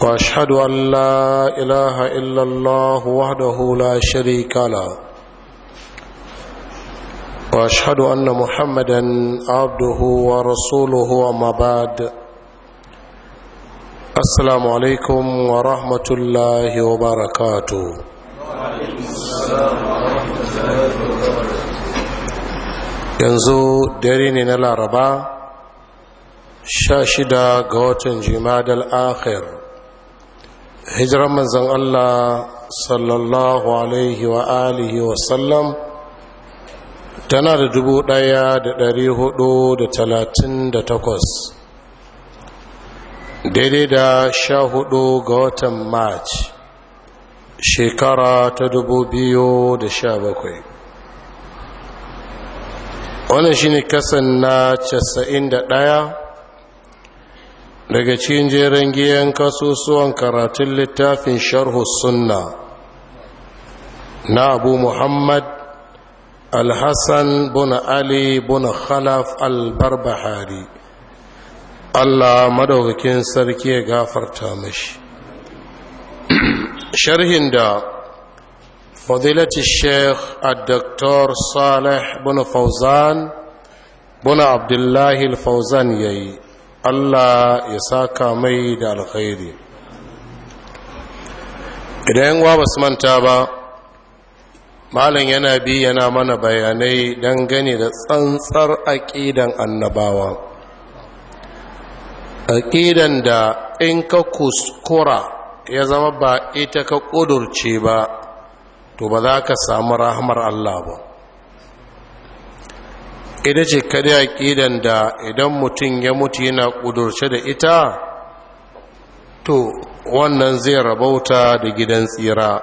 واشهد ان لا اله الا الله وحده لا شريك له واشهد ان محمدا عبده ورسوله وما بعد السلام عليكم ورحمه الله وبركاته yanzu dare ne na laraba 16 ga watan jimadal akhir hijiran manzan Allah sallallahu alaihi wa alihi wa sallam tana da dubu ɗaya da dari hudu da talatin da takwas daidai da sha hudu ga watan march shekara ta dubu biyu da sha bakwai wannan shine kasan na casa'in da ɗaya daga cikin jeren giyan kasusuwan karatun littafin sharhu sunna na abu muhammad alhassan buna ali buna khalaf albarbahari allah madaukakin sarki ya gafarta mashi sharhin da fadilati sheikh al-doktor salih bin fauzan bin abdullahi al-fauzan ya yi Allah ya saka mai da alkhairi idan wa basu manta ba malam yana bi yana mana bayanai don gane da tsantsar aƙidan annabawa aƙidan da in ka kuskura ya zama ba ita ka ƙudurce ba to ba za ka samu rahamar Allah ba ita ce kada aƙidan da idan mutum ya mutu yana ƙudurce da ita to wannan zai rabauta da gidan tsira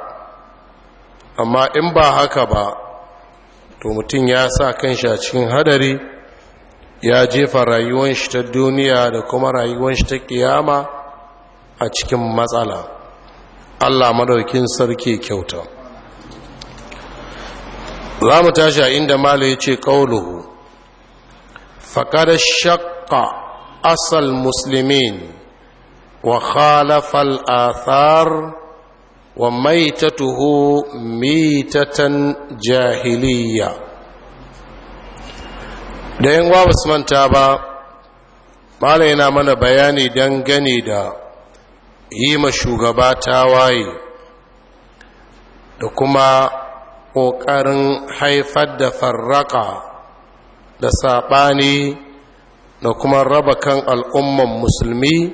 amma in ba haka ba to mutum ya sa kanshi a cikin hadari ya jefa rayuwarshi shi ta duniya da kuma rayuwar shi ta kiyama a cikin matsala allah madaukin sarki kyauta za mu tashi a inda mala ya ce ƙauluhu فقد شق أصل المسلمين وخالف الآثار وميتته ميتة جاهلية da yin wa manta ba malam yana mana bayani dangane da yi ma shugaba tawaye da kuma ƙoƙarin haifar da farraƙa. da saɓani da kuma raba kan al'umman musulmi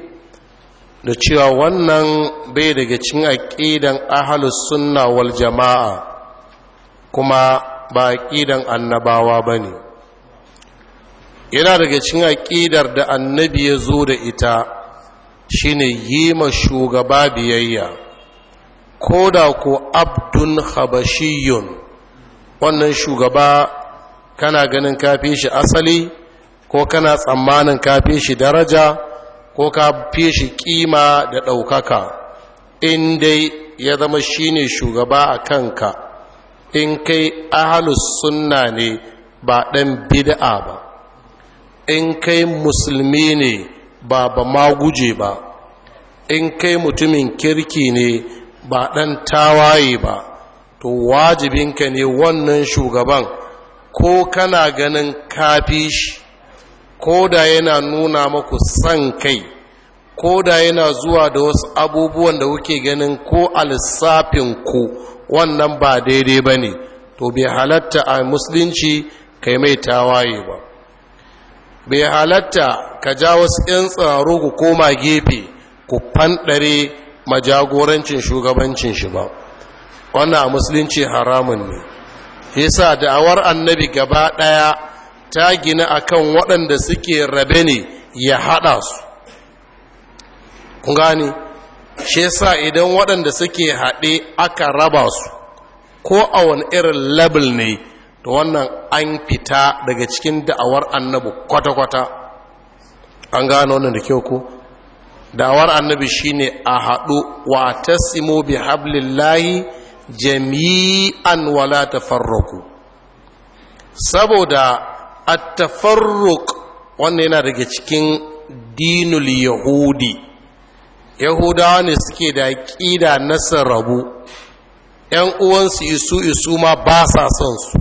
da cewa wannan bai daga cin aƙidan ahalus sunna wal jama'a kuma ba aƙidan annabawa ba ne yana daga cin aƙidar da annabi ya zo da ita shine yi ma shugaba biyayya ko da ko abdun habashiyun wannan shugaba kana ganin kafi shi asali ko kana tsammanin kafi shi daraja ko kafi shi kima da ɗaukaka in dai ya zama shi ne shugaba a kanka in kai ahalus sunna ne ba ɗan bid'a ba in kai musulmi ne ba ba ma guje ba in kai mutumin kirki ne ba ɗan tawaye ba to wajibinka ne wannan shugaban ko kana ganin kafi shi ko da yana nuna maku san kai ko da yana zuwa da wasu abubuwan da kuke ganin ko alisafin ku wannan ba daidai ba ne to bai halatta a musulunci kai mai tawaye ba bai halatta ka ja wasu 'yan tsaro ku koma gefe ku fanɗare majagorancin shugabancin shi ba wannan a musulunci haramun ne yasa da'awar annabi gaba ɗaya ta gina akan waɗanda suke rabe ne ya haɗa su kun shi yasa idan waɗanda suke haɗe aka raba su ko a wani irin label ne to wannan an fita daga cikin da'awar annabi kwata-kwata an gane wannan da kyau ko da'awar annabi shine a haɗu wa tasimu bi hablillahi jami'an wala tafarraku saboda at-tafarruq wannan yana daga cikin dinul yahudi yahudawa ne suke da ƙida na rabu ‘yan uwansu isu isu ma ba sa son su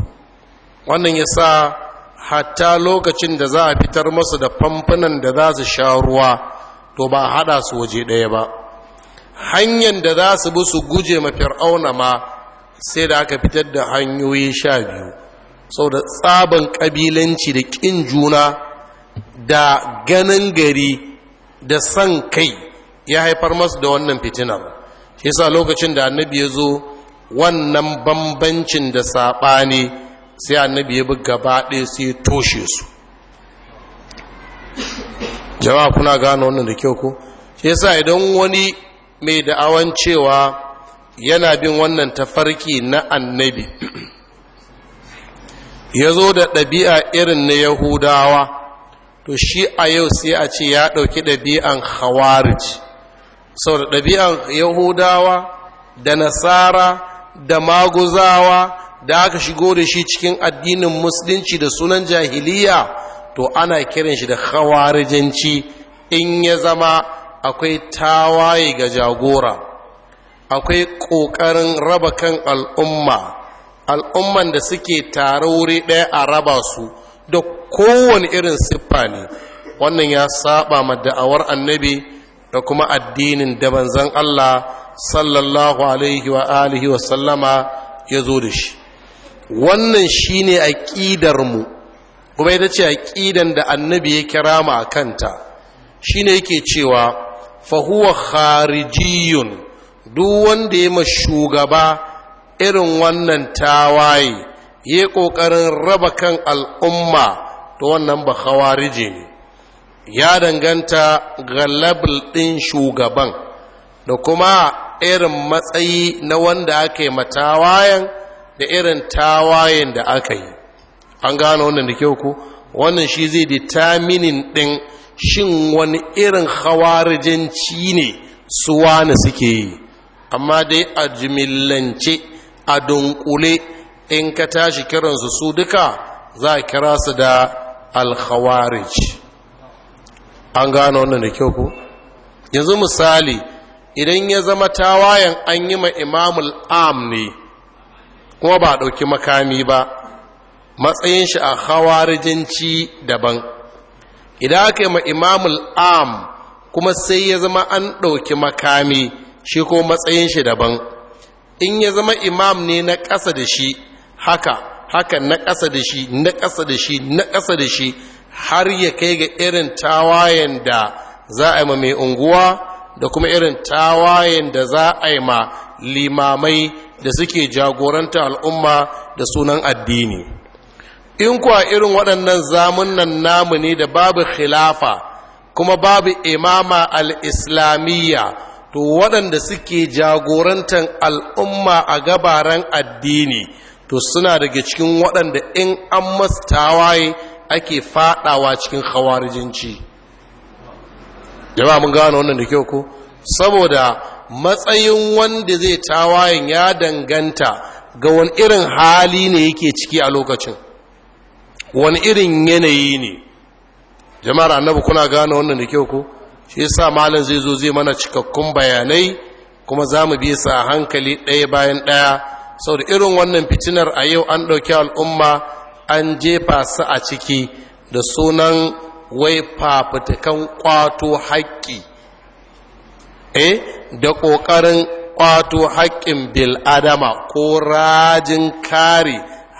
wannan ya sa hatta lokacin da za a fitar masu da famfunan da za su sha ruwa to ba a haɗa su waje ɗaya ba hanyar da za su bi su guje ma fir'auna ma sai da aka fitar da hanyoyi sha biyu sau da tsaban ƙabilanci da ƙin juna da ganin gari da san kai ya haifar masu da wannan fitinar shi sa lokacin da annabi ya zo wannan bambancin da saɓani sai annabi ya bi gaba sai ya toshe su jama'a kuna gano wannan da kyau ko shi sa idan wani mai da'awan cewa yana bin wannan tafarki na annabi ya zo da ɗabi'a irin na yahudawa to shi a yau sai a ce ya ɗauki ɗabi'an hawarij sau da ɗabi'an yahudawa da nasara da maguzawa da aka shigo da shi cikin addinin musulunci da sunan jahiliya to ana kiran shi da hawarijanci in ya zama akwai tawaye ga jagora akwai ƙoƙarin raba kan al'umma al'umman da suke tare wuri ɗaya a raba su da kowane irin siffa ne wannan ya saba ma da'awar annabi da kuma addinin da banzan Allah sallallahu alaihi wa alihi wa sallama ya zo da shi wannan shine aqidar mu kuma ita ce aƙidan da annabi ya kira mu a kanta ne yake cewa fahuwa kharijiyun duk wanda ya ma shugaba irin wannan tawaye ya ƙoƙarin raba kan al'umma to wannan ba khawarije ne ya danganta ga labul ɗin shugaban da kuma irin matsayi na wanda aka yi matawayen da irin tawayen da aka yi an gano wannan da kyau ku wannan shi zai determinin ɗin shin wani irin hawarijanci ne su wani suke yi amma dai a jimillance a dunkule in ka tashi kiransu su duka za a kira su da alhawarij an gano wannan da kyau ku yanzu misali idan ya zama tawayen an yi ma imamul am ne kuma ba a ɗauki makami ba matsayin shi a hawarijinci daban idan aka yi ma imamul am kuma sai ya zama an ɗauki makami shi ko matsayin shi daban in ya zama imam ne na ƙasa da shi haka haka na ƙasa da shi na ƙasa da shi na ƙasa da shi har ya kai ga irin tawayen da za a yi ma mai unguwa da kuma irin tawayen da za a yi ma limamai da suke jagoranta al'umma da sunan addini in kuwa irin waɗannan zamunan namu ne da babu khilafa kuma babu imama al-islamiyya to waɗanda suke jagorantar al'umma a gabaran addini to suna daga cikin waɗanda in an masu tawaye ake faɗawa cikin khawarijinci. jama'a mun gano wannan da kyau ko saboda matsayin wanda zai tawayen ya danganta ga wani irin hali ne yake ciki a lokacin wani irin yanayi ne jama'ar annabu kuna gane wannan da kyau ko shi yasa malam zai zo zai mana cikakkun bayanai kuma za mu bi sa hankali ɗaya bayan ɗaya saboda irin wannan fitinar a yau an ɗauki al'umma an jefa su a ciki da sunan wai fafutukan kwato haƙƙi e da ƙoƙarin ƙwato haƙƙin bil'adama ko rajin kare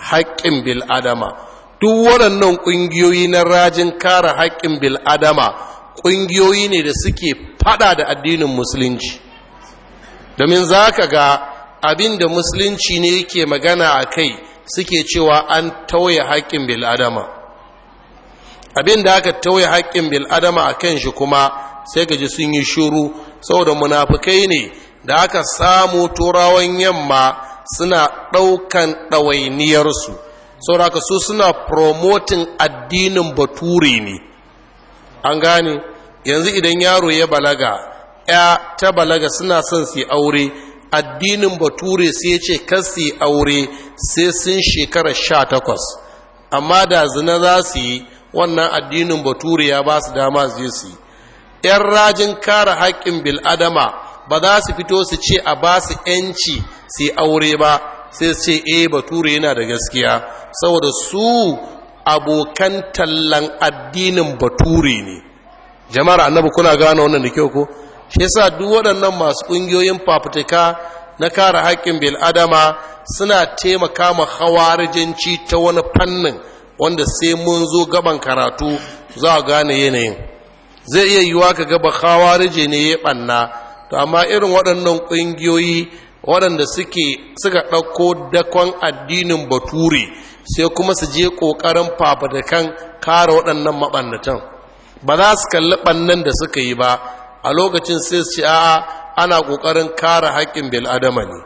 haƙƙin bil'adama duk waɗannan ƙungiyoyi na rajin kare haƙƙin bil'adama ƙungiyoyi ne da suke fada da addinin musulunci domin za ka ga abin da musulunci ne yake magana a kai suke cewa an tauye haƙƙin bil'adama abin da aka tauye haƙƙin bil'adama a kan shi kuma sai gaji sun yi shuru saboda munafukai ne da aka samu turawan yamma suna ɗaukan ɗawainiyarsu sauraka su suna promoting addinin bature ne an gane yanzu idan yaro ya balaga ya ta balaga suna son su aure addinin bature sai ce kan su aure sai sun shekara sha takwas amma da zina za su yi wannan addinin bature ya ba su dama su yi. yan rajin kare haƙƙin bil'adama ba za su fito su ce a ba su 'yanci su aure ba sai su ce eh bature yana da gaskiya saboda su abokan tallan addinin bature ne jama'ar annabi kuna gane wannan da kyau ko shi yasa duk waɗannan masu ƙungiyoyin fafutuka na kare haƙƙin bil'adama suna taimaka ma hawarijanci ta wani fannin wanda sai mun zo gaban karatu za a gane yanayin zai iya yiwa ka gaba hawarije ne ya ɓanna to amma irin waɗannan ƙungiyoyi waɗanda suke suka ɗauko dakon addinin bature sai kuma su je ƙoƙarin fafatakan kare waɗannan maɓannatan ba za su kalli ɓannan da suka yi ba a lokacin sai su ce a'a ana ƙoƙarin kare haƙƙin bil'adama ne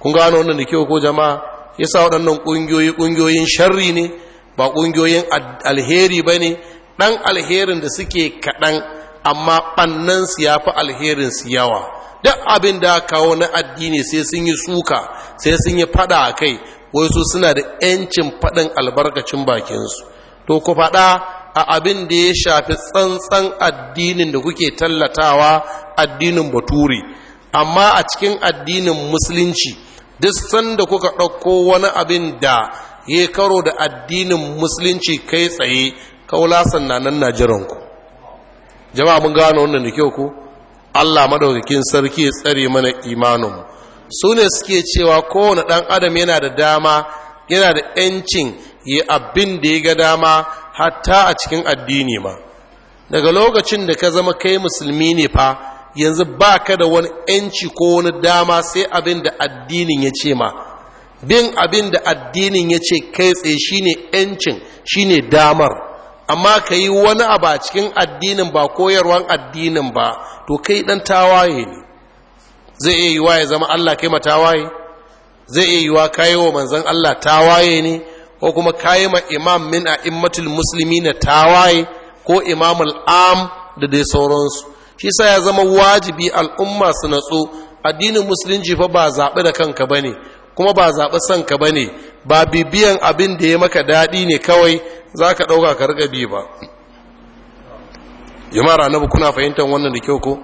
kun gano wannan da kyau ko jama'a yasa waɗannan ƙungiyoyi ƙungiyoyin sharri ne ba ƙungiyoyin alheri ba ne ɗan alherin da suke kaɗan amma ɓannansu ya fi alherin su yawa duk abin da kawo na addini sai sun yi suka sai sun yi fada a kai wai su suna da 'yancin faɗin albarkacin bakinsu to ku faɗa a abin da ya shafi tsantsan addinin da kuke tallatawa addinin baturi amma a cikin addinin musulunci duk sanda kuka ɗauko wani abin da ya karo da addinin musulunci kai tsaye kaulasan na nan na jiranku jama'a mun gano wannan da kyau ku Allah madaukakin sarki ya tsare mana imanin su ne suke cewa kowane ɗan adam yana da dama yana da ‘yancin yi abin da ya ga dama hatta a cikin addini ma daga lokacin da ka zama kai musulmi ne fa yanzu ba ka da wani ‘yanci ko wani dama sai abin da addinin ya ce ma bin abin da addinin ya ce kai tsaye shine ‘yancin shine damar amma ka yi wani abu a cikin addinin ba koyarwan addinin ba to kai dan tawaye ne zai iya yiwa ya zama Allah kai ma tawaye zai iya yiwa kayi wa manzon Allah tawaye ne ko kuma kayi ma imam min a a'immatul na tawaye ko imamul am da dai sauransu shi sa ya zama wajibi al'umma su natsu addinin musulunci fa ba zaɓi da kanka ba ne. kuma ba zaɓi son ka ba ne ba bibiyan abin da ya maka daɗi ne kawai za ka ɗauka ka riƙa bi ba mara na kuna fahimtar wannan da kyau ko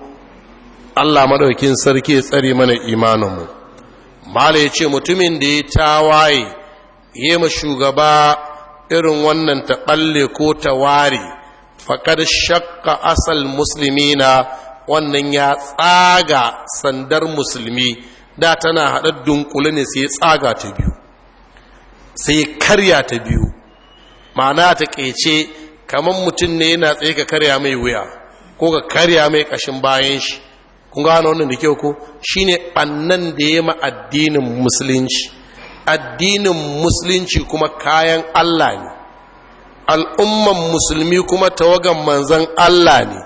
allah maɗaukin sarki ya tsare mana imaninmu mala ya ce mutumin da ya tawaye ya ma shugaba irin wannan ta ɓalle ko ta ware faƙar shakka asal musulmi na wannan ya tsaga sandar musulmi da tana haɗar dunkule ne sai tsaga ta biyu sai karya ta biyu ma'ana ta ƙece kamar mutum ne yana tsaye ka karya mai wuya ko ka karya mai ƙashin bayan shi kun gano wannan da kyau ko shine ɓannan da ya ma addinin musulunci addinin musulunci kuma kayan allah ne al'umman musulmi kuma tawagan manzan allah ne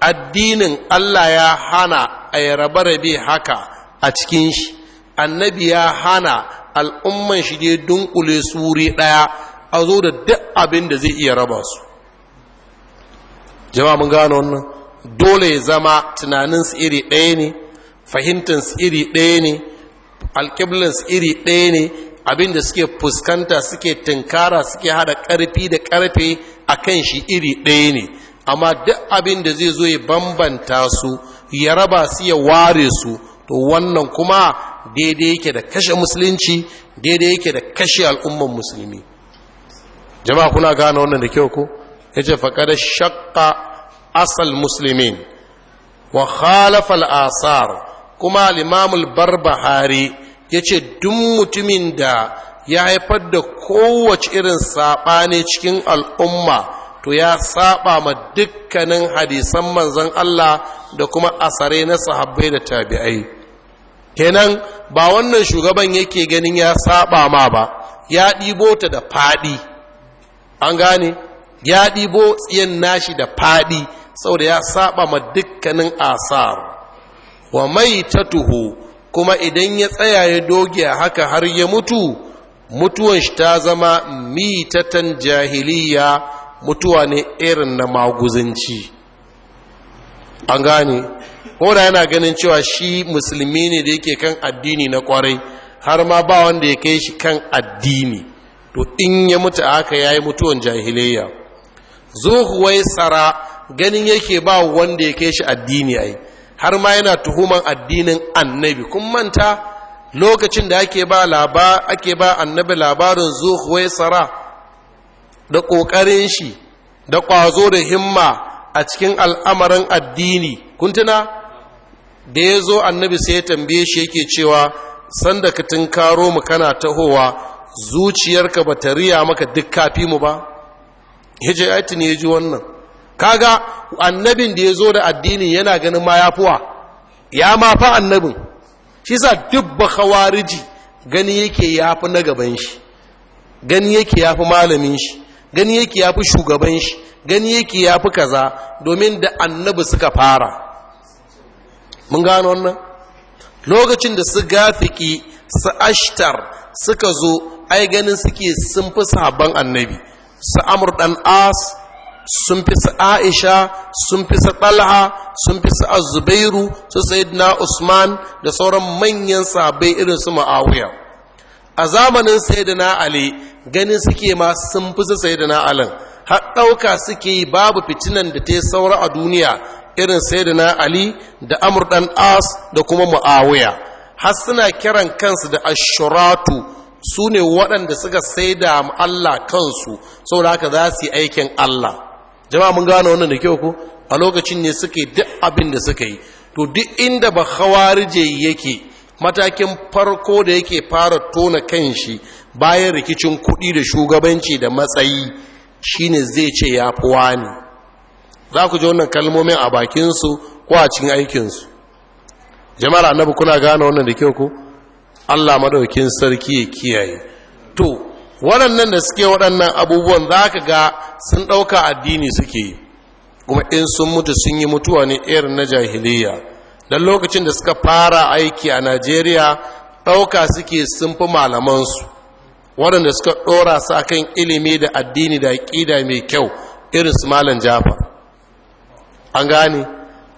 addinin allah ya hana a rabe haka a cikin shi annabi ya hana al'umman shi ne dunkule su ɗaya a zo da duk abin da zai iya raba su jama'a mun gano wannan dole ya zama tunaninsu iri ɗaya ne fahimtansu iri ɗaya ne alƙiblin su iri ɗaya ne abin da suke fuskanta suke tunkara suke hada ƙarfi da ƙarfe a kan shi iri ɗaya ne amma duk abin da zai zo ya bambanta su ya raba su ya ware su to wannan kuma daidai yake da kashe musulunci daidai yake da kashe al'umman musulmi jama'a kuna gane wannan da kyau ko ya ce faƙada shakka asal musulmin wa khalafal asar kuma limamul barbahari ya ce duk mutumin da ya haifar da kowace irin saɓani cikin al'umma to ya saba ma dukkanin hadisan manzon Allah da kuma asare na sahabbai da tabi'ai kenan ba wannan shugaban yake ganin ya saba ma ba ya ɗibo ta da faɗi an gane ya ɗibo tsiyan nashi da faɗi saboda ya saba ma dukkanin asar wa mai ta tuhu kuma idan ya tsaya ya doge haka har ya mutu mutuwan shi ta zama mitatan jahiliya mutuwa ne irin na maguzanci an gane ko yana ganin cewa shi musulmi ne da yake kan addini na kwarai har ma ba wanda ya kai shi kan addini to in ya mutu a haka ya yi mutuwan jahiliya zuhuwai tsara ganin yake ba wanda ya kai shi addini ai har ma yana tuhuman addinin annabi kun manta lokacin da ake ba laba ake ba annabi labarin zuhuwai tsara da ƙoƙarin shi da ƙwazo da himma a cikin al'amarin addini kuntuna. tuna da ya zo annabi sai ya tambaye shi yake cewa sanda ka tunkaro mu kana tahowa zuciyarka ba ta riya maka duk kafi mu ba ya aiti ne ya ji wannan kaga annabin da ya zo da addini yana ganin ma ya fuwa ya ma fa annabin shi sa dubba khawariji gani yake ya fi na gaban shi gani yake ya fi malamin shi gani yake ya fi shugaban shi gani yake ya fi kaza domin da annabi suka fara mun gano wannan lokacin da su gafiki su ashtar suka zo ai ganin suke sun fi sabon annabi su amur dan as sun fi su aisha sun fi su ɗalha sun fi su azubairu su sayidina usman da sauran manyan sabai irin su ma'awiya a zamanin sayidina ali ganin suke ma sun fi su sayidina alin har ɗauka suke yi babu fitinan da ta yi saura a duniya irin sayyidina ali da amur dan as da kuma muawiya har suna kiran kansu da ashuratu su ne waɗanda suka saida Allah kansu saboda haka za su yi aikin Allah jama'a mun gane wannan da kyau ko a lokacin ne suka yi duk abin da suka yi to duk inda ba khawarije yake matakin farko da yake fara tona kanshi bayan rikicin kuɗi da shugabanci da matsayi shine zai ce ya fi wani za ku ji wannan kalmomin a bakinsu ko a cikin aikinsu jama'ar annabi kuna gane wannan da kyau ku allah maɗaukin sarki ya kiyaye to waɗannan da suke waɗannan abubuwan za ka ga sun ɗauka addini suke yi kuma in sun mutu sun yi mutuwa ne irin na jahiliya don lokacin da suka fara aiki a najeriya ɗauka suke sun fi malamansu waɗanda suka ɗora su kan ilimi da addini da ƙida mai kyau irin su malam jafar an gane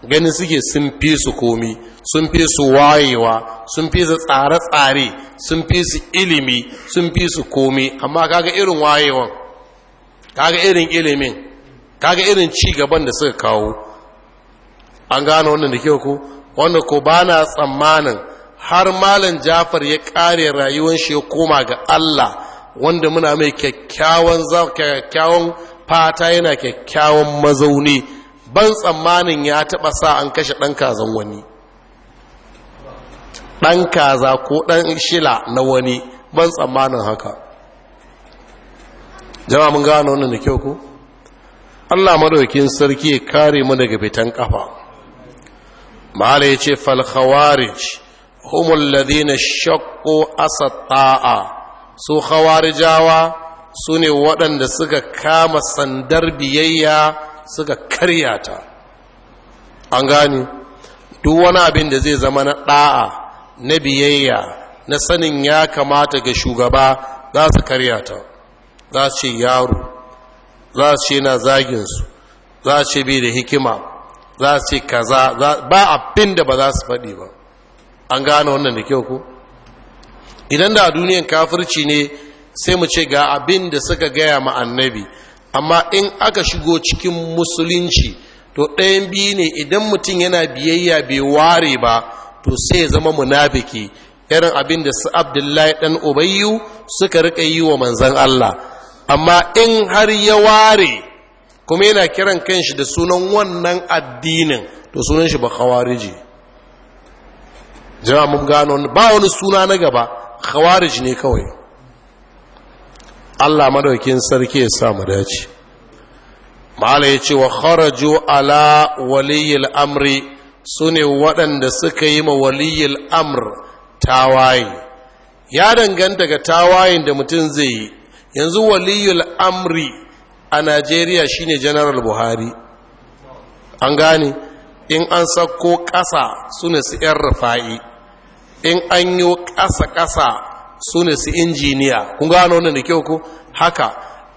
ganin suke sun fi su komi sun fi su wayewa sun fi su tsare-tsare sun fi su ilimi sun fi su komi amma kaga irin wayewan kaga irin ilimin kaga irin ci gaban da suka kawo an gane wannan da kyau ko wanda ko ba na tsammanin har malam jafar ya kare rayuwar shi ya koma ga allah wanda muna mai kyakkyawan fata yana kyakkyawan mazauni ban tsammanin ya taɓa sa an kashe ɗan kazan wani ɗan kaza ko ɗan shila na wani ban tsammanin haka jama mun gano wannan da kyau ku. allah madaukin sarki ya kare mu daga fitan ƙafa. ma'ala ya ce falkhawarij humul ladina shakko su khawarijawa su ne waɗanda suka kama sandar biyayya suka karya ta an gani duk wani abin da zai zama na ɗa'a na biyayya na sanin ya kamata ga shugaba za su karya ta za su ce yaro za su ce na zaginsu za su ce bai da hikima za su ce kaza ba abin da ba za su faɗi ba an gane wannan da kyau ko idan da duniyan kafirci ne sai mu ce ga abin da suka gaya ma annabi amma in aka shigo cikin musulunci to ɗayan biyu ne idan mutum yana biyayya bai ware ba to sai ya zama munafiki irin abin da su abdullahi ɗan ubayyu suka riƙa yi wa manzan allah amma in har ya ware kuma yana kiran kanshi da sunan wannan addinin to sunan shi ba khawariji jama'a mun gano ba wani suna na gaba ji ne kawai Allah madaukin sarki ya sa mu dace mala ya ce wa kharaju ala waliyil amri sune waɗanda suka yi ma waliyil amr tawaye ya danganta ga tawayen da mutum zai yi yanzu waliyul amri a najeriya shine general buhari an gane in an sako ƙasa sune su 'yan rufa'i in an yi ƙasa-ƙasa su ne su injiniya kun gano wannan da kyau ko haka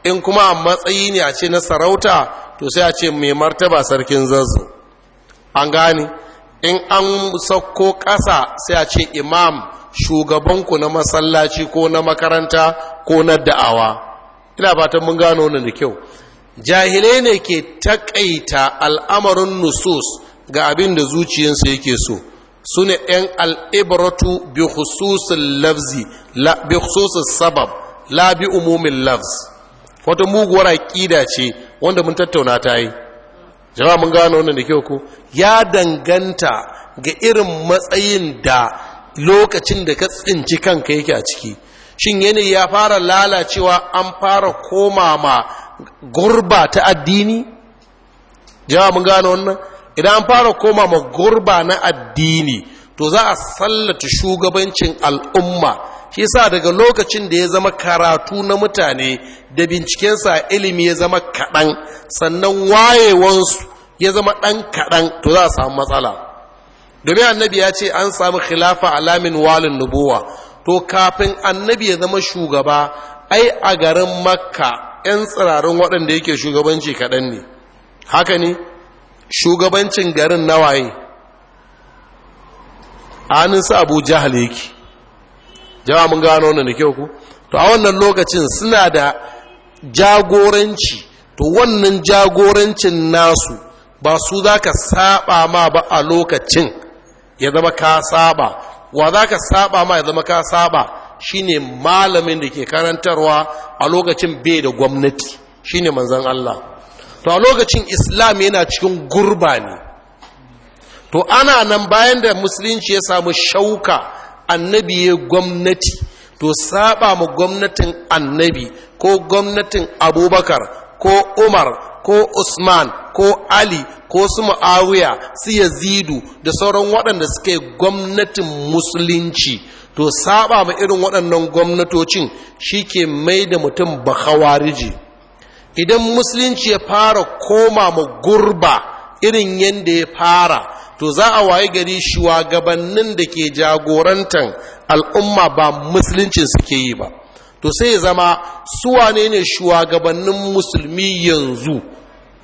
in kuma a matsayi ne a ce na sarauta to sai a ce mai martaba sarkin zazzo an gane in an sauko ƙasa sai a ce imam shugabanku na masallaci ko na makaranta ko na da'awa ina fatan mun gano wannan da kyau jahilai ne ke takaita al'amarin nusus ga abin da zuciyarsa yake so su ne ‘yan al'ibaratu bi hususin lafzi bi sabab la bi umumin lafz wata muguwar aƙida ce wanda mun tattauna ta yi jama'a mun gano wannan da kyau ku. ya danganta ga irin matsayin da lokacin da ka tsinci kanka yake a ciki shin yanayi ya fara lalacewa an fara koma ma gurba ta addini jama'a mun gano wannan idan an fara koma ma gurba na addini to za a sallata shugabancin al'umma shi sa daga lokacin da ya zama karatu na mutane da bincikensa ilimi ya zama kaɗan sannan wayewansu ya zama ɗan kaɗan to za a samu matsala domin annabi ya ce an samu khilafa alamin walin nubuwa to kafin annabi ya zama shugaba ai a garin makka 'yan tsirarin waɗanda yake shugabanci kaɗan ne haka ne shugabancin garin nawaye Abuja abu jahal yake jama'a mun gano wannan da kyau ku to a wannan lokacin suna da jagoranci to wannan jagorancin nasu ba su za ka saba ma ba a lokacin ya zama ka saba wa za ka saba ma ya zama ka saba shine malamin da ke karantarwa a lokacin bai da gwamnati shine manzan Allah to a lokacin islam yana cikin gurba ne to ana nan bayan da musulunci ya samu shauka annabi ya gwamnati to saba ma gwamnatin annabi ko gwamnatin abubakar ko umar ko usman ko ali ko su ma'awuya su yazidu da sauran waɗanda suke gwamnatin musulunci to saba ma irin waɗannan gwamnatocin shi ke mai da mutum ba idan musulunci ya fara koma ma gurba irin yadda ya fara to za a waye gari shugabannin da ke jagorantar al'umma ba musulunci suke yi ba to sai ya zama suwa ne shugabannin musulmi yanzu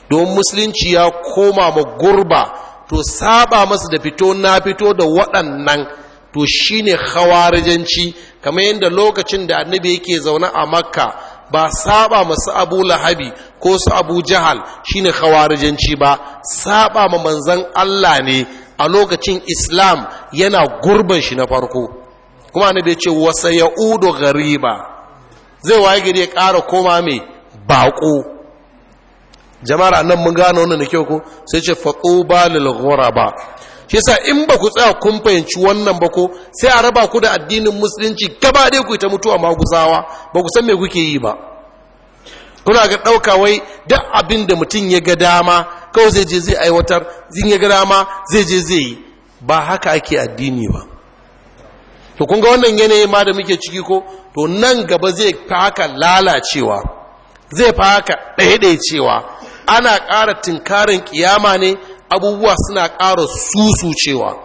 don musulunci ya koma ma gurba to saba masu da fito na fito da waɗannan to shine hawarijanci kamar yadda lokacin da annabi yake zaune a makka ba saba masu abu lahabi ko su abu jahal shine khawarijanci ba saba ma manzan Allah ne a lokacin islam yana gurban shi na farko kuma ne da ce wasa ya ya'udu ba, zai waye gari ya ƙara koma mai baƙo jama'ar nan mun gano wannan da kyau ko sai ce ba lil ghuraba shi yasa in ba ku tsaya kun fahimci wannan ba ko sai a raba ku da addinin musulunci gaba dai ku ta mutuwa maguzawa ba ku san me kuke yi ba kuna ga ɗauka wai duk abin da mutum ya ga dama kawai zai je zai aiwatar zin ya ga dama zai je zai yi ba haka ake addini ba to kun ga wannan yanayi ma da muke ciki ko to nan gaba zai fi haka lalacewa zai fi haka cewa ana ƙara tunkarin ƙiyama ne abubuwa suna ƙara susu cewa,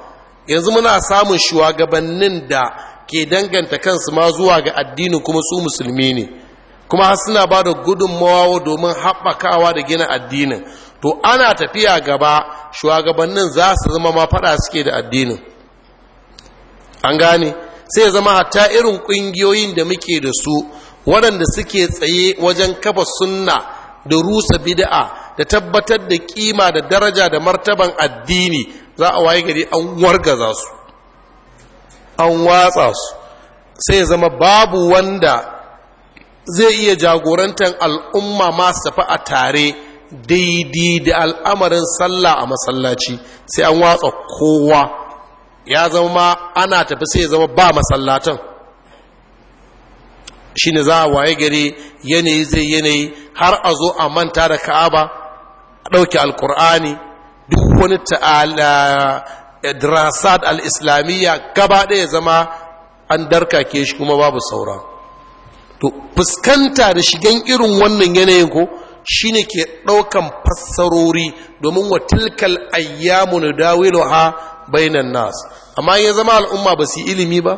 yanzu muna samun shugabannin da ke danganta kansu ma zuwa ga addini kuma su musulmi ne kuma har suna ba da gudunmawa domin haɓakawa da gina addinin to ana tafiya gaba shugabannin za su zama ma faɗa suke da addinin an gane sai zama hatta irin ƙungiyoyin da muke da su waɗanda suke tsaye wajen kafa sunna da rusa bid'a da tabbatar da kima da daraja da martaban addini za a waye gari an wargaza su an watsa su sai zama babu wanda zai iya jagorantar al'umma masu tafi a tare daidai da al'amarin sallah a masallaci sai an watsa kowa ya zama ana tafi sai ya zama ba masallatan shine za a waye gari yanayi zai yanayi har a zo a manta da ka'aba a ɗauki alkur'ani duk wani eh, dirasat al-islamiyya gaba ɗaya zama an darkake shi kuma babu saura to fuskanta da shigan irin wannan yanayin ko shine ke ɗaukan fassarori domin wa tilkal ayyamu ha bainan nas amma ya zama al'umma ba su ilimi ba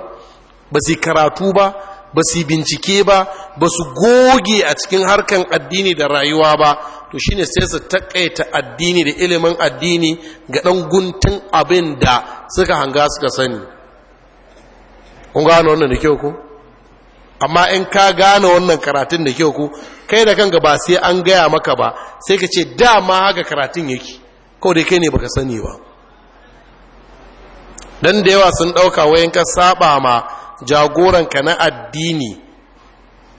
ba su karatu ba ba su bincike ba ba su goge a cikin harkan addini da rayuwa ba to shine sai su takaita addini da ilimin addini ga ɗan guntun abin da suka hanga suka sani kun gano wannan da kyau ku amma in ka gane wannan karatun da kyau ku kai da kanka ba sai an gaya maka ba sai ka ce dama haka karatun yake kawai dai kai ne baka sani ba dan da yawa sun ɗauka wayan ka saba ma jagoranka na addini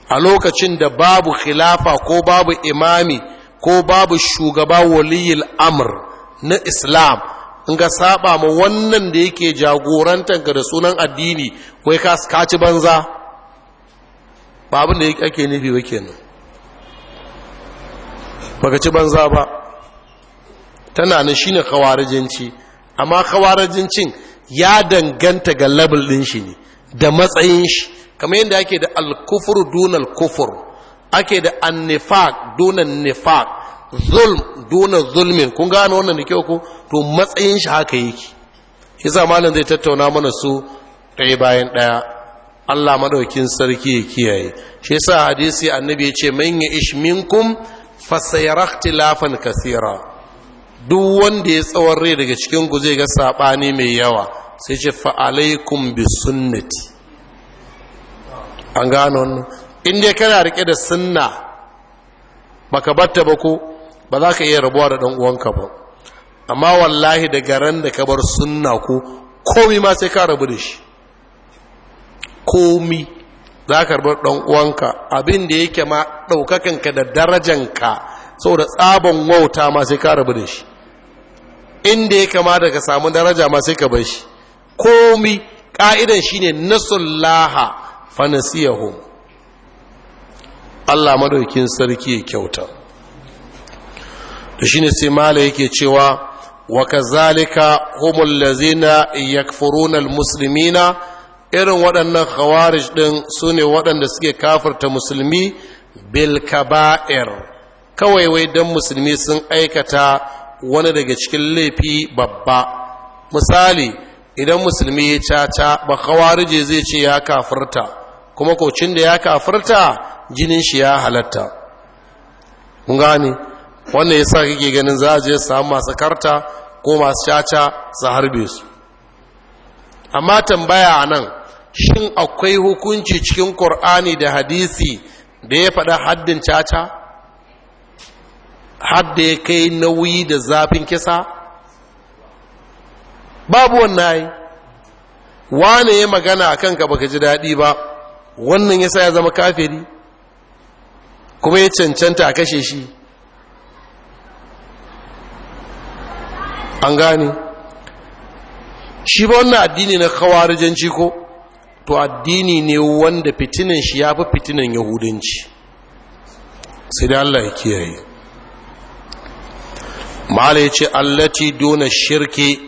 a lokacin da babu khilafa ko babu imami ko babu shugaba waliyil amr na islam in ga saba ma wannan da yake jagorantanka da sunan addini wai ka kaci banza ba abin da ake nufi wake nan baka ci banza ba tana nan shine kawarajinci amma kawarajincin ya danganta ga label din shi ne da matsayin shi kamar yadda ake da alkufur dunal kufur ake da annifaq dunan nifaq zulm dunan zulmin kun gano wannan da kyau ku to matsayin shi haka yake yasa malam zai tattauna mana su ɗaya bayan ɗaya Allah maɗaukin sarki ya kiyaye shi yasa hadisi annabi ya ce man ya ish minkum fasayara ikhtilafan kasira duk wanda ya tsawon rai daga cikin ku zai ga saɓani mai yawa sai ce fa'alaikum bi sunnati an gano wannan inda kana rike da sunna baka batta ba ko ba za ka iya rabuwa da ɗan uwanka ba amma wallahi da garan da ka bar sunna ko komi ma sai ka rabu da shi komi za ka rabu ɗan uwanka abin da yake ma ɗaukakanka da darajanka da tsabon wauta ma sai ka rabu da shi inda ya kama daga samun daraja ma sai ka bar shi komi ƙa'idan shine nasullaha fanasiyahu Allah madaukin sarki kyauta Da shi ne sai mala yake cewa wa kazalika humul lazina yakfuruna almuslimina irin waɗannan khawarij din sune waɗanda suke kafarta musulmi bil kawai wai dan musulmi sun aikata wani daga cikin laifi babba misali idan musulmi ya caca ba kawarije zai ce ya kafirta kuma kocin da ya kafirta jinin shi ya halatta Mun gane wannan ya sa kake ganin za a je samu masu karta ko masu caca su harbe su amma tambaya a nan shin akwai hukunci cikin ƙur'ani da hadisi da ya faɗa haddin caca hadda ya kai nauyi da zafin kisa babu wannan ai wane ya magana a kanka baka ji daɗi ba wannan yasa ya zama kafiri kuma ya cancanta a kashe shi an gane shi ba wannan addini na kawarijanci ko to addini ne wanda fitinan shi ya fi fitinan yahudanci sai da Allah ya kiyaye ma'ala ya ce allati dona shirke.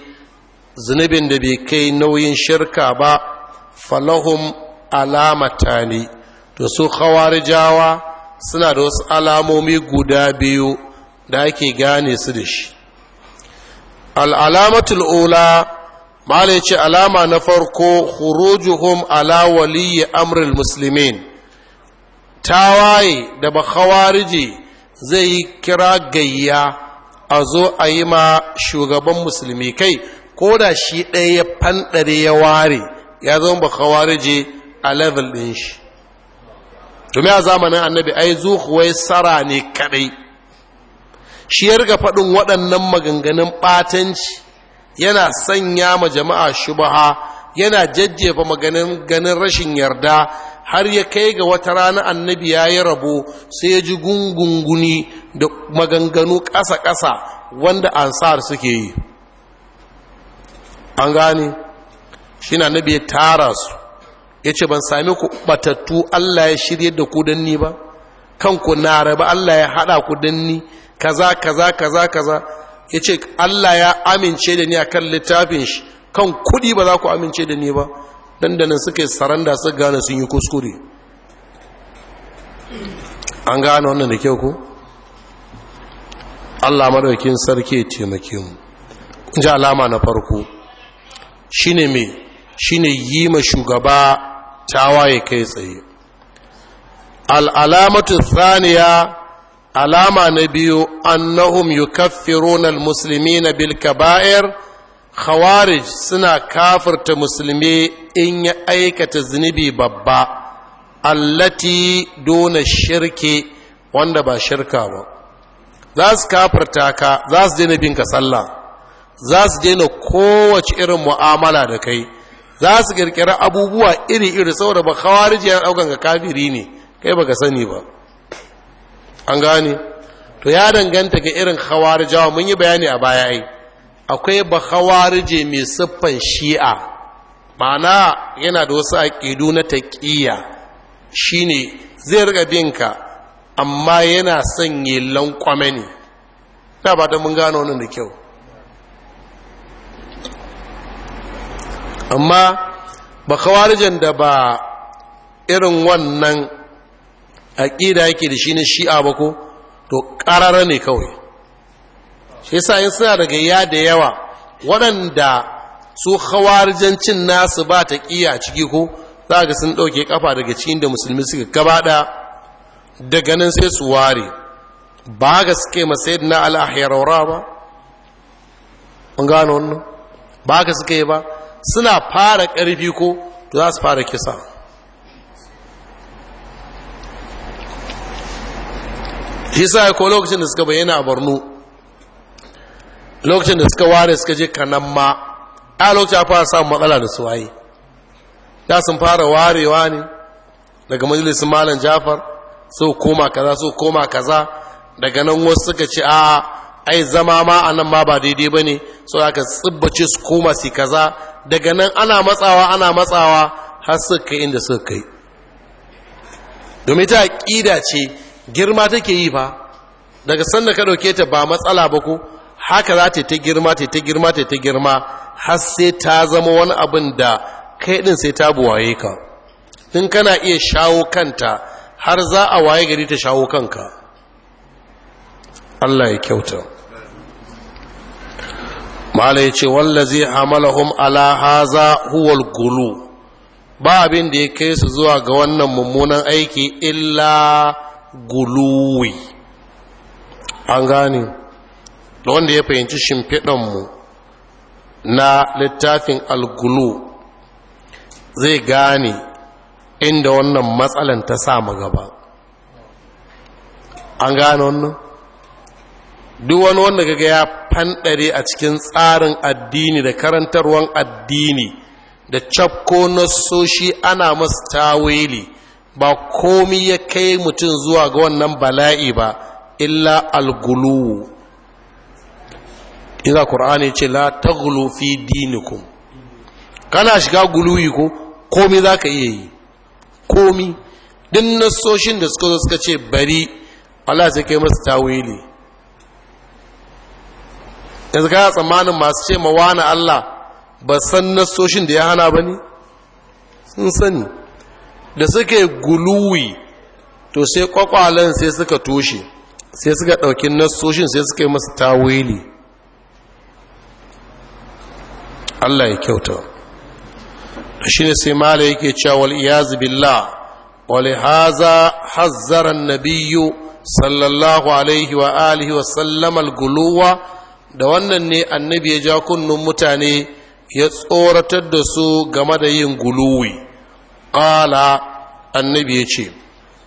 zunubin da bai kai nauyin shirka ba falahum alamata ne to su khawarijawa suna da wasu alamomi guda biyu da ake gane su da shi al'alamatul ula mala ce alama na farko khurujuhum ala waliyyi amril muslimin tawaye da ba khawariji zai yi kira gayya a zo a yi ma shugaban musulmi kai ko da shi ɗaya ya fanɗare ya ware ya zama ba ka ware je a level ɗin shi domin a zamanin annabi ai kuwai sara ne kaɗai shi ya riga faɗin waɗannan maganganun ɓatanci yana sanya ma jama'a shubaha yana jajjefa maganin ganin rashin yarda har ya kai ga wata rana annabi ya yi rabo sai ya ji gungunguni da maganganu ƙasa-ƙasa wanda ansar suke yi an gane shi na nabi ya tara su ya ce ban sami ku batattu allah ya shirye da ku ni ba kanku na raba allah ya haɗa ku ni kaza kaza kaza kaza ya ce allah ya amince da ni a kan littafin shi kan kuɗi ba za ku amince da ni ba dandanin suka yi saranda su gane sun yi kuskure an gane wannan da kyau ku allah madaukin sarki ya taimake mu ji alama na farko shine me shine yi ma shugaba tawaye kai tsaye al'alamatu saniya alama na biyu annahum yukaffiruna musulmi na bilkabayar. khawarij suna kafirta musulmi in ya aikata zunubi babba allati dona shirki wanda ba shirka ba za su kafirta ka za su daina binka sallah za su daina kowace irin mu'amala da kai za su kirkira abubuwa iri-iri saboda ba ya daukan ga kafiri ne kai baka sani ba an gane to ya danganta ga irin khawarijawa mun yi bayani a baya ai akwai ba je mai siffan shi'a ma'ana yana da wasu aƙidu na taƙiyya shine zai riga binka amma yana sanye lankwame ne na ba ta mun gano wannan da kyau amma ba kawarjan da ba irin wannan aƙida yake da shi na shi'a ba ko to ƙarara ne kawai shi sa yin suna da gayya da yawa waɗanda su cin nasu ba ta ƙiya ciki ko za ga sun ɗauke ƙafa daga cikin da musulmi suka gabaɗa daga nan sai su ware ba ga suke masai na al'ahiyar ba an ba ga suke ba suna fara ƙarfi ko to za su fara kisa kisa ko lokacin da suka bayyana a barno lokacin da suka ware suka je kanan ma a lokacin a fara samun matsala da su waye da sun fara warewa ne daga majalisun malam jafar so koma kaza so koma kaza daga nan wasu suka ce a ai zama ma a nan ma ba daidai ba ne sau aka tsibbace su koma su kaza daga nan ana matsawa ana matsawa har suka kai inda suka kai domin ta ƙida ce girma take yi fa daga sanda ka dauke ta ba matsala ba ko haka za ta ta girma ta ta girma ta ta girma har sai ta zama wani abin da kai din sai ta buwaye ka in kana iya shawo kanta har za a waye gari ta shawo kanka Allah ya kyauta mala ya ce wallazi amalahum ala haza huwal gulu ba abin da ya kai su zuwa ga wannan mummunan aiki illa guluwi an gane da wanda ya fahimci shimfiɗanmu na littafin algulu zai gane inda wannan matsalan ta samu gaba an gane wannan duk wani wanda kaga ya fanɗare a cikin tsarin addini da karantarwan addini da cafko nassoshi ana masu tawili ba komi ya kai mutum zuwa ga wannan bala'i ba illa algulu iza qur'ani ce la ta fi dinikum kana shiga guluyi ko komi za ka iya yi komi din nassoshin da suka zo suka ce bari Allah sai kai masu tawili yanzu ga tsammanin masu ce mawa Allah ba san nasoshin da ya hana ba ne sun sani da suke guluwi to sai kwakwalen sai suka toshe sai suka ɗauki nasoshin sai suka yi masu tawili Allah ya kyauta shi ne sai mala yake cewa iyazu billah nabiyu sallallahu alaihi wa alihi wa وآله وسلم الغلو da wannan ne annabi ya ja kunnun mutane ya tsoratar da su game da yin guluwi ƙala annabi ya ce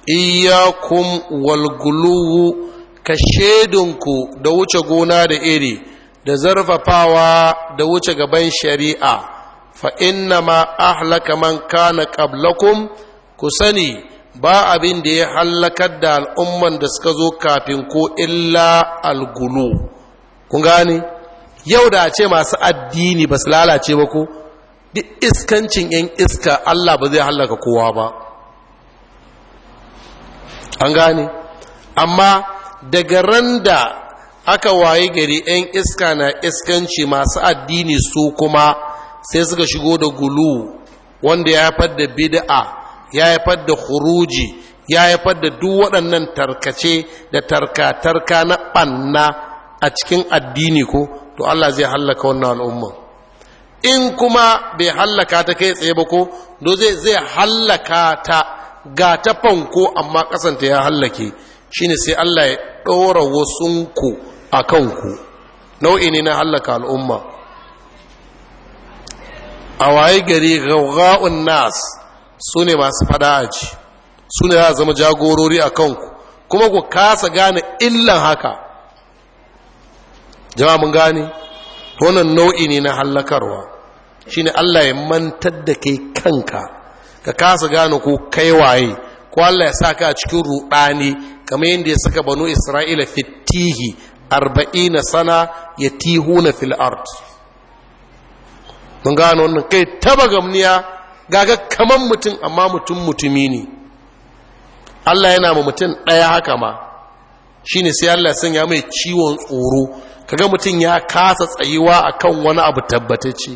iyakun walguluwu ka shaidunku da wuce gona da iri da zarfafawa da wuce gaban shari'a fa inna ma ahlaka man kana qablakum ku sani ba abin da ya hallakar da al'umman da suka zo kafin ko illa algulu kun gane yau da ce masu addini ba su lalace ba ko duk iskancin yan iska Allah ba zai hallaka kowa ba an gane amma daga ran da aka waye gari 'yan iska na iskanci masu addini su kuma sai suka shigo da gulu wanda ya haifar da bida'a, ya haifar da huruji ya haifar da duk waɗannan tarkace da tarka-tarka na ɓanna a cikin addini ko to Allah zai hallaka wannan al'umma in kuma bai hallaka ta kai tsaye ba ko do zai zai hallaka ta ga ta fanko amma kasanta ya hallake shine sai Allah ya ɗora wasunku a kanku nau'i ne na hallaka al'umma a waye gari gauga'un nas su ne masu fada'aji su ne za zama jagorori a kanku kuma ku kasa gane illan haka jama'a mun gane wannan nau'i ne na hallakarwa shine Allah ya mantar da kai kanka ka kasa gane ko kai waye ko Allah ya saka a cikin ruɗani kamar yadda ya saka banu Isra'ila fitihi 40 sana yatihuna fil ard mun gane wannan kai taba gamniya gaga kaman mutum amma mutum mutumi ne Allah yana ma mutum ɗaya haka ma shine sai Allah ya sanya mai ciwon tsoro kaga mutum ya kasa tsayuwa akan wani abu tabbatacce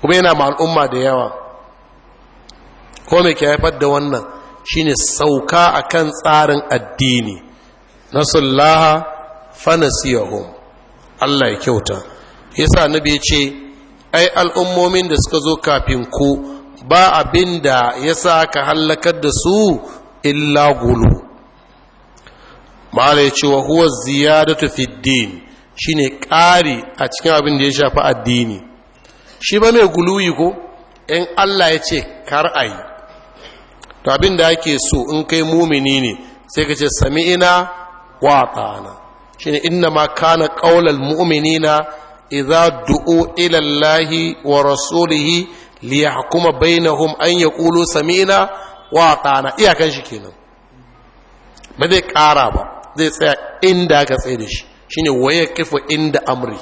kuma yana ma al'umma da yawa ko mai ke haifar da wannan shine sauka akan tsarin addini nasullaha fanasiyahum Allah ya kyauta yasa nabi ya ce ai al'ummomin da suka zo kafin ku ba abinda da ya sa ka hallakar da su illa gulu mala ya ce wa huwa ziyadatu fi din shine ƙari a cikin abin da ya shafi addini shi ba mai guluyi ko in Allah ya ce kar a yi. to abin da ake so in kai mumini ne sai ka ce sami ina wa ta'ana shine inna ma kana ƙaular mumini na du'u ila ilallahi wa rasulihi liyahkuma bainahum an ya sami ina wa ta'ana iyakan shi kenan ba zai ƙara ba zai tsaya inda aka tsaye da shi shine waye kifa inda amri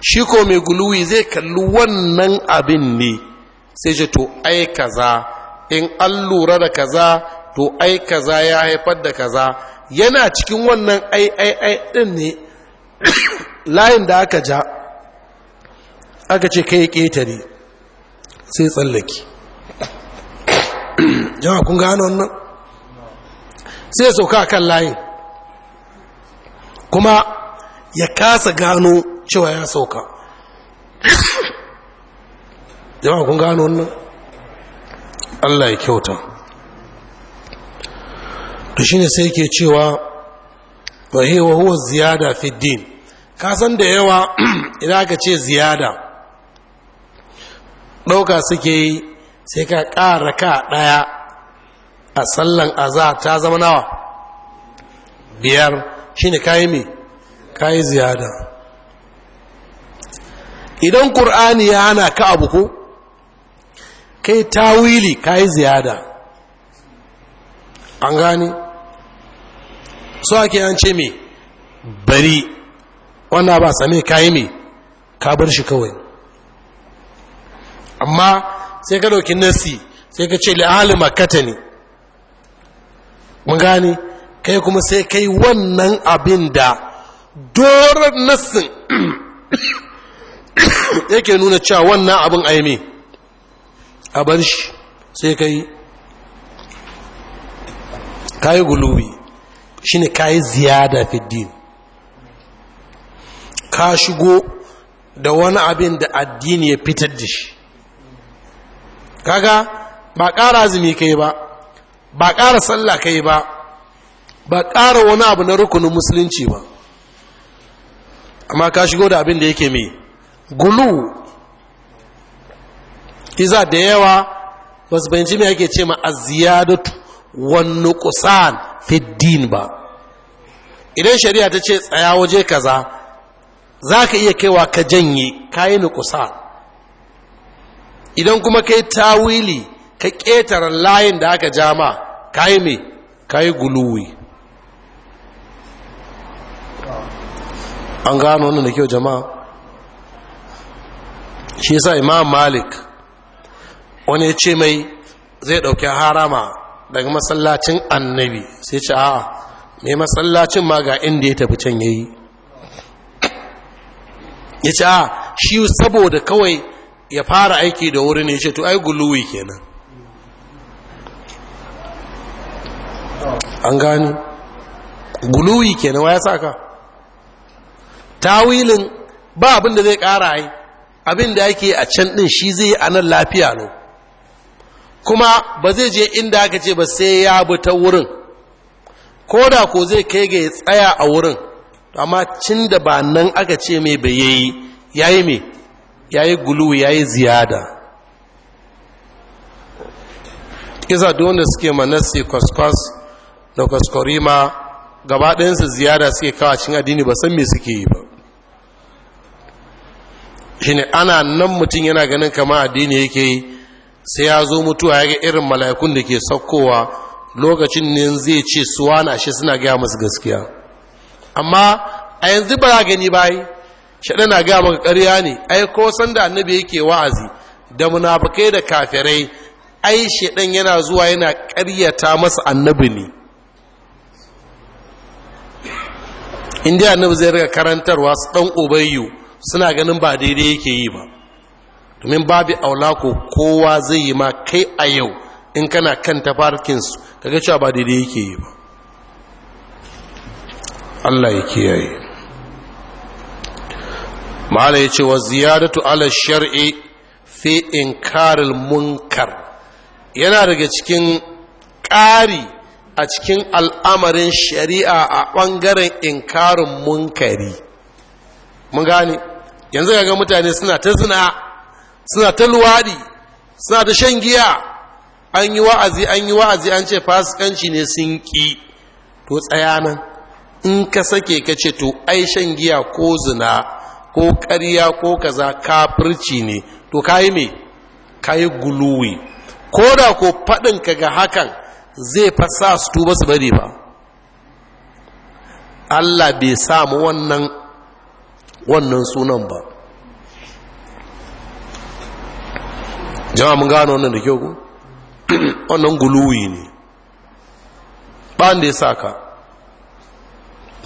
shi ko mai guluwi zai kalli wannan abin ne sai ce to ai kaza in an lura da kaza to ai kaza ya haifar da kaza yana cikin wannan ai ai ai din ne layin da aka ja aka ce kai ketare sai tsallake jama'a kun gano wannan sai sauka kan layin kuma ya kasa gano cewa ya sauka jama'a kun gano wannan allah ya kyauta da shi ne sai ke cewa wahewa huwa ziyada fi din kasan da yawa idan aka ce ziyada ɗauka suke yi sai ka ƙara ka ɗaya a sallan azhar ta zama nawa biyar shine kayi me kayi ziyada idan ƙur'ani ya hana ka abu ko kai ta wili kayi ziyada an gani su ake an ce me bari wanda ba same kayi mai, ka bar shi kawai amma sai ka dauki nasi sai ka ce li'ali makata ne mun gane kai kuma sai kai wannan abin da doron nassin yake nuna cewa wannan abin aime a bar shi sai kai kayi gulubi shi ne kayi ziyada fiddin ka shigo da wani abin da addini ya fitar da shi kaga ba ƙara zumi kai ba ba ƙara sallah kai ba ba ƙara wani abu na rukunin musulunci ba amma ka shigo da abin da yake mai gulu iza da yawa ba su bayanci mai ake ce ma a ziyadatu wani kusan fiddin ba idan shari'a ta ce tsaya waje kaza za ka iya kaiwa ka janye kayi nukusan idan kuma kai tawili ka ƙetare layin da aka ja ma ka yi mai ka yi guluwi an gano wannan da kyau jama'a shi sa imam malik wani ya ce mai zai ɗauki harama daga masallacin annabi sai ce a'a mai masallacin ma ga inda ya tafi can yayi yi ya ce a shi saboda kawai ya fara aiki da wuri ne ce to ai guluwi kenan an gani guluwi kenan wa ya saka tawilin ba abin da zai kara yi abin da yake a can din shi zai a nan lafiya ne kuma ba zai je inda aka ce ba sai ya bi ta wurin ko da ko zai kai ga ya tsaya a wurin amma cin da ba nan aka ce mai bai yayi yi mai yayi gulu yayi ziyada iza da wanda suke manasse kwaskwas da kwaskwari ma gabaɗinsu ziyara suke cin addini ba san me suke yi ba ne ana nan mutum yana ganin kama addini yake yi sai ya zo mutuwa ya ga irin mala'ikun da ke saukowa lokacin ne zai ce suwa na shi suna gaya masu gaskiya amma a yanzu ba ya gani bayi shaɗa na gaya maka ƙarya ne ai ko san da annabi yake wa'azi da munafukai da kafirai ai shaɗan yana zuwa yana ƙaryata masa annabi ne inda annabi zai riga karantarwa su dan ubayyu suna ganin ba daidai yake yi ba domin babu aulako kowa zai yi ma kai a yau in kana kan su kaga cewa ba daidai yake yi ba Allah ya kiyaye ma'ala ya ce wa ziyadatu ala shar'i fi inkaril munkar yana daga cikin ƙari a cikin al'amarin shari'a a ɓangaren inkarin munkari mun gane yanzu ga mutane suna ta zina suna ta luwaɗi, suna ta shan giya an yi wa'azi an yi wa'azi an ce fasikanci ne sun ƙi to tsayanan in ka sake ka ce to ai shan giya ko zina ko ƙarya ko kaza kafirci ne to ka yi me ka yi guluwi ko da ko faɗin ka ga hakan zai fasa su tuba su bari ba Allah bai samu wannan wannan sunan ba jama mun gano wannan da kyau ku wannan guluwi ne Ba da ya sa ka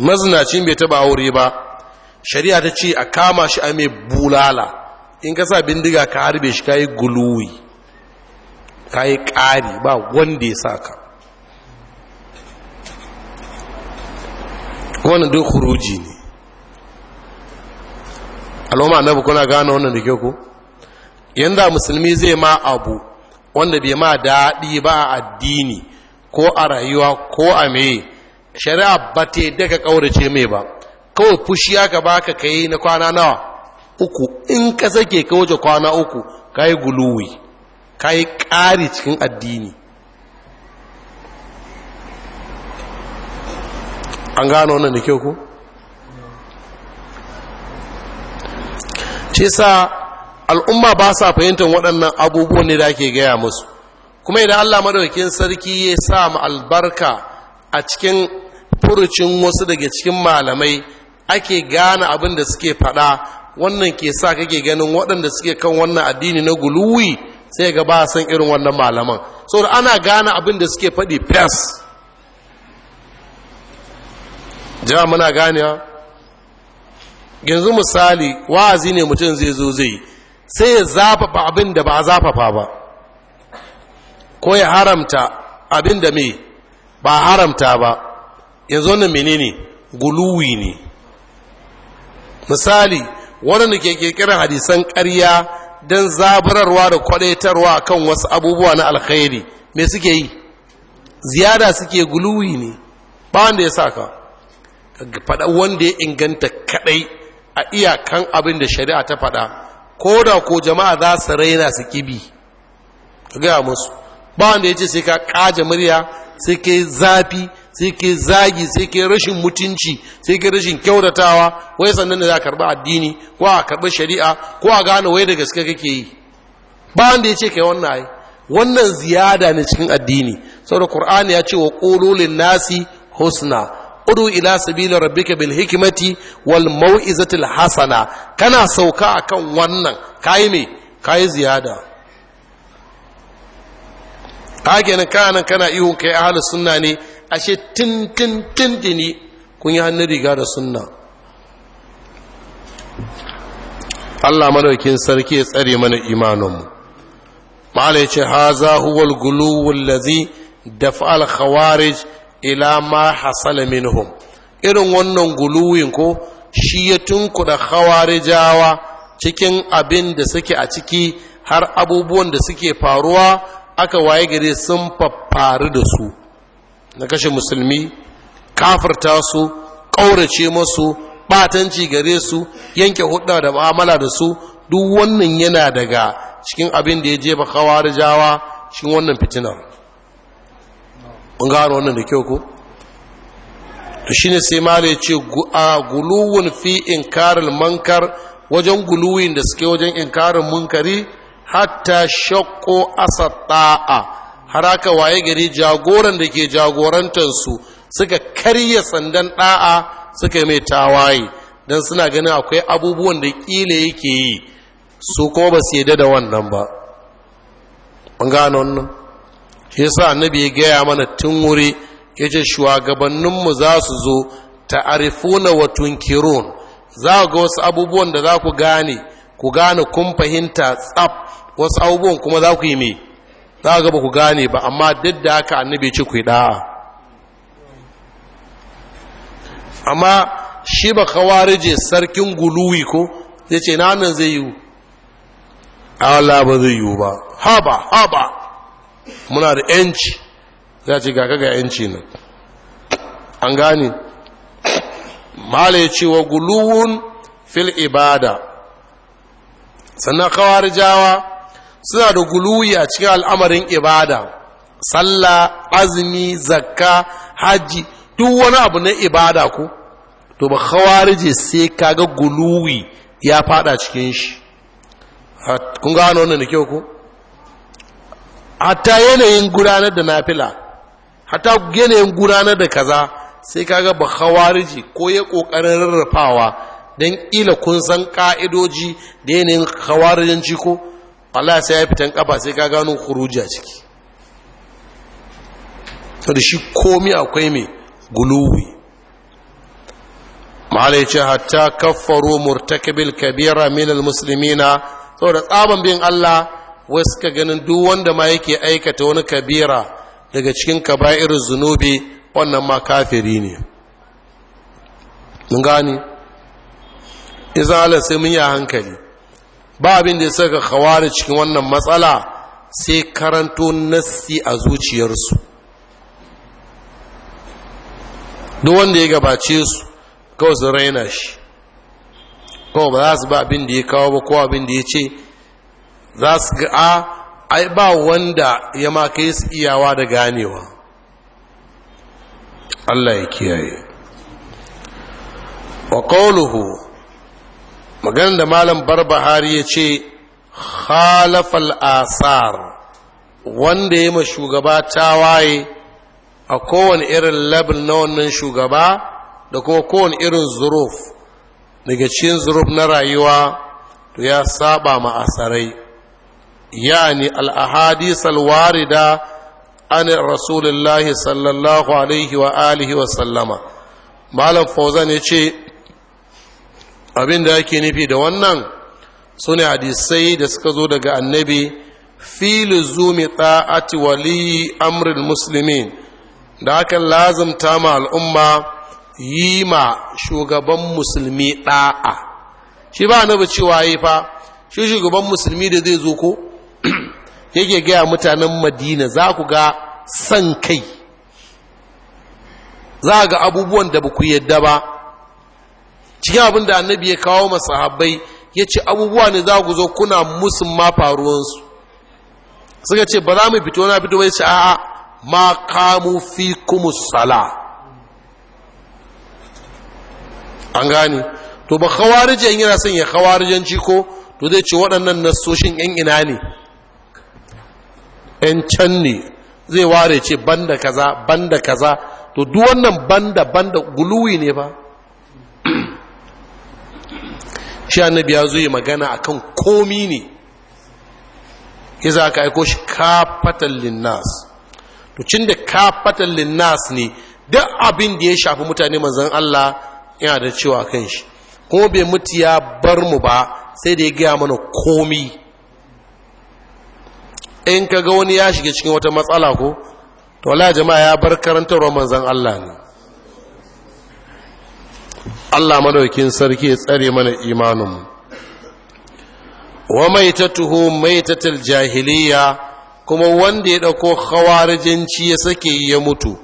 mazinaci bai taba aure ba shari'a ta ce a kama shi a mai bulala in ka sa bindiga ka harbe shi ka yi guluwi ka yi ƙari ba wanda ya sa ka wannan duk huruji ne al'umma na kuna gane wannan da ke ku yanda musulmi zai ma abu wanda bai ma daɗi ba a addini ko a rayuwa ko a mai shari'a ba ta daga ƙaurace mai ba kawai fushi ya gaba ka kai na kwana nawa uku in ka sake ka kwana uku ka yi guluwi ka yi ƙari cikin addini an gano wannan da kyau ku ce sa al'umma ba sa fahimtar waɗannan abubuwan ne da ake gaya musu kuma idan allah madaukin sarki ya sa ma albarka a cikin furucin wasu daga cikin malamai ake gane abin da suke faɗa wannan ke sa kake ganin waɗanda suke kan wannan addini na guluwi sai ga ba san irin wannan malaman saboda ana gane abin da suke faɗi fes jama'a muna ganewa yanzu misali wa'azi ne mutum zai zo zai sai ya zafafa abin da ba a zafafa ba ko ya haramta abin da mai ba haramta ba yanzu wannan menene guluwi ne misali waɗanda ke kirkirar hadisan ƙarya don zabararwa da kwadaitarwa kan wasu abubuwa na alkhairi mai suke yi ziyada suke guluwi ne ba wanda ya saka faɗa wanda ya inganta kaɗai a iyakan abin da shari'a ta faɗa ko da ko jama'a za su raina su kibi ka gaya musu ba wanda ya ce sai ka ƙaja murya sai ke zafi sai ke zagi sai ke rashin mutunci sai ke rashin kyautatawa wai sannan da za a karɓi addini ko a karɓi shari'a ko a gane wai da gaske kake yi ba wanda ya ce kai wannan ai wannan ziyada ne cikin addini saboda qur'ani ya ce wa ƙololin nasi husna udu ila sabila rabbika bil hikmati wal mau'izati al hasana kana sauka akan wannan kai me kai ziyada kage nan kana kana ihun kai ahli sunna ne ashe tin tin tin dini kun yi hannun riga da sunna Allah madaukin sarki ya tsare mana imaninmu ma'ala ya ce haza huwal guluwul da dafa'al khawarij ila ma hasala minhum irin wannan guluwin ko shi ya tunkuda khawarijawa cikin abin da suke a ciki har abubuwan da suke faruwa aka waye gare sun faru da su na kashe musulmi kafirta su ƙaurace masu ɓatanci gare su yanke hudda da mu'amala da su duk wannan yana daga cikin abin da ya jefa khawarijawa cikin wannan fitinar mun gano wannan da kyau ko to shine sai mala ya ce guluwun fi inkaril mankar wajen guluwin da suke wajen inkarin munkari hatta shakko asa har aka waye gari jagoran da ke jagorantarsu suka karya sandan da'a suka mai tawaye don suna ganin akwai abubuwan da ƙila yake yi su kuma ba su yadda da wannan ba. gano wannan? shi yasa annabi ya gaya mana tun wuri ya ce shugabanninmu za su zo ta'arifuna wa tunkirun za ga wasu abubuwan da za ku gane ku gane kun fahimta tsaf wasu abubuwan kuma za ku yi me za ga ba ku gane ba amma duk da haka annabi ce ku yi da'a amma shi ba kawarije sarkin guluwi ko zai ce nan zai yiwu Allah ba zai yiwu ba haba haba muna da yanci za ce ga kaga yanci nan an gane mala ya ce wa guluwun fil ibada sannan kawar jawa suna da guluwi a cikin al'amarin ibada sallah azumi zakka hajji duk wani abu na ibada ko to ba khawarije sai kaga guluwi ya fada cikin shi kun gano wannan da kyau ko hatta yanayin gudanar da nafila hatta yanayin gudanar da kaza sai kaga ba hawariji ko ya kokarin rarrafawa don ila kun san ka'idoji da yanayin hawarijin ciko Allah sai ya fitan kafa sai ka gano kuruji a ciki da shi komi akwai mai guluwi malai ce hatta kaffaro murtakabil kabira minal almuslimina saboda tsaban bin Allah wai suka ganin duk wanda ma yake aikata wani kabira daga cikin kaba'ir zunubi wannan ma kafiri ne mun gani izala sai mun yi hankali ba abin da ya saka khawari cikin wannan matsala sai karanto nassi a zuciyarsu duk wanda ya gabace su kawai su raina shi kawai ba za su ba abin da ya kawo ba ko abin da ya ce za su ga a ai ba wanda ya ma yi su iyawa da ganewa Allah ya kiyaye wa qawluhu maganar da malam barbahari ya ce khalafal asar wanda ya yi ma shugaba tawaye a kowane irin labin na wannan shugaba da kuma kowane irin zuruf daga cikin zuruf na rayuwa to ya saba ma asarai yani al-ahadith al-warida an rasulullahi sallallahu alaihi wa alihi wa sallama malam fauzan ya ce abin da yake nufi da wannan su ne hadisai da suka zo daga annabi fili zumi ta'ati wali amrin musulmin da hakan lazimta ma al'umma yi ma shugaban musulmi ɗa'a shi ba annabi cewa yi fa shugaban musulmi da zai zo ko yake gaya mutanen madina za ku ga san kai za ga abubuwan da ba ku yadda ba cikin abin da annabi ya kawo masahabbai ya ce abubuwa ne za ku zo kuna musu ma faruwansu suka ce ba za mu fito na fito bai ce a'a ma kamu fi sala an gane to ba khawarijan yana son ya khawarijanci ko to zai ce waɗannan nasoshin yan ina ne 'yan can ne zai ware ce banda kaza banda kaza to duk wannan banda banda guluwi ne ba shi annabi ya zo yi magana akan komi ne za aka aiko shi kafatan linnas to cin da kafatan linnas ne duk abin da ya shafi mutane manzan Allah yana da cewa kan shi kuma bai mutu ya bar mu ba sai da ya gaya mana komi in ka ga wani ya shiga cikin wata matsala ko to Allah jama'a ya bar karantarwa manzan Allah ne Allah madaukin sarki ya tsare mana mu. wa maitatuhu maitatul jahiliya kuma wanda ya dauko khawarijinci ya sake ya mutu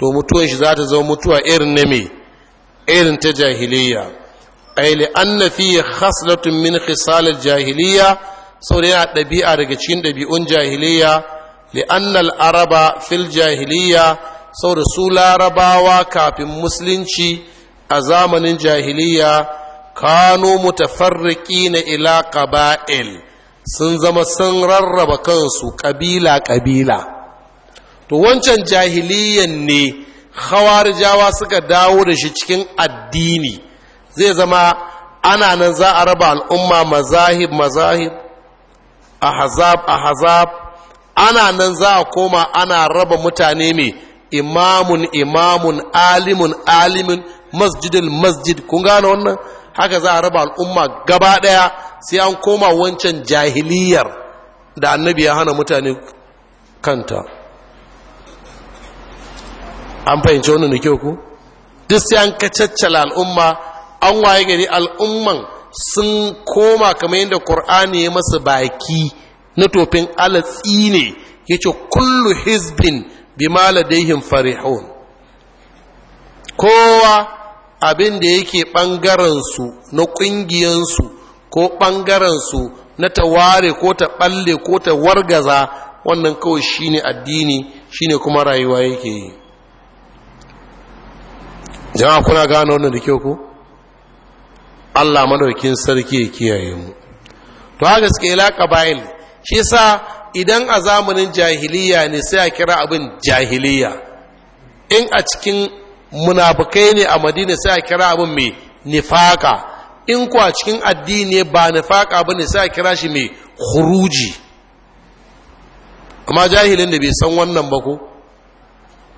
to mutuwan shi za ta zama mutuwa irin na me irin ta jahiliya ay li anna fi khaslatun min khisal al jahiliya saboda yana ɗabi'a daga cikin ɗabi'un jahiliya li'annal araba fil jahiliya saboda su larabawa kafin musulunci a zamanin jahiliya kano mutafarriki na ila ƙaba'il, sun zama sun rarraba kansu ƙabila-ƙabila to wancan jahiliyan ne jawa suka dawo da shi cikin addini zai zama ana nan za a raba al'umma mazahib mazahib ahazab ahazab ana nan za a koma ana raba mutane mai imamun imamun alimun alimun masjidil masjid kun gane wannan haka za a raba al'umma gaba ɗaya sai an koma wancan jahiliyar da annabi ya hana mutane kanta an fahimci wannan da kyau ku duk sai an kacaccala al'umma an waye gari al'umman sun koma kamar yadda ƙur'ani ya masa baki na tofin alatsi ne ya ce kullu hizbin bi maladaihim farihun kowa abin da yake ɓangarensu na ƙungiyansu ko ɓangarensu na ta ware ko ta ɓalle ko ta wargaza wannan kawai shine addini shine kuma rayuwa yake yi jama'a kuna gano wannan da kyau ko? Allah madaukin sarki ya kiyaye mu to haka suke ila qabail shi sa idan a zamanin jahiliya ne sai a kira abin jahiliya in a cikin munafukai ne a madina sai a kira abin mai nifaka in kuwa cikin addini ba nifaka ba ne sai a kira shi mai huruji amma jahilin da bai san wannan ba ko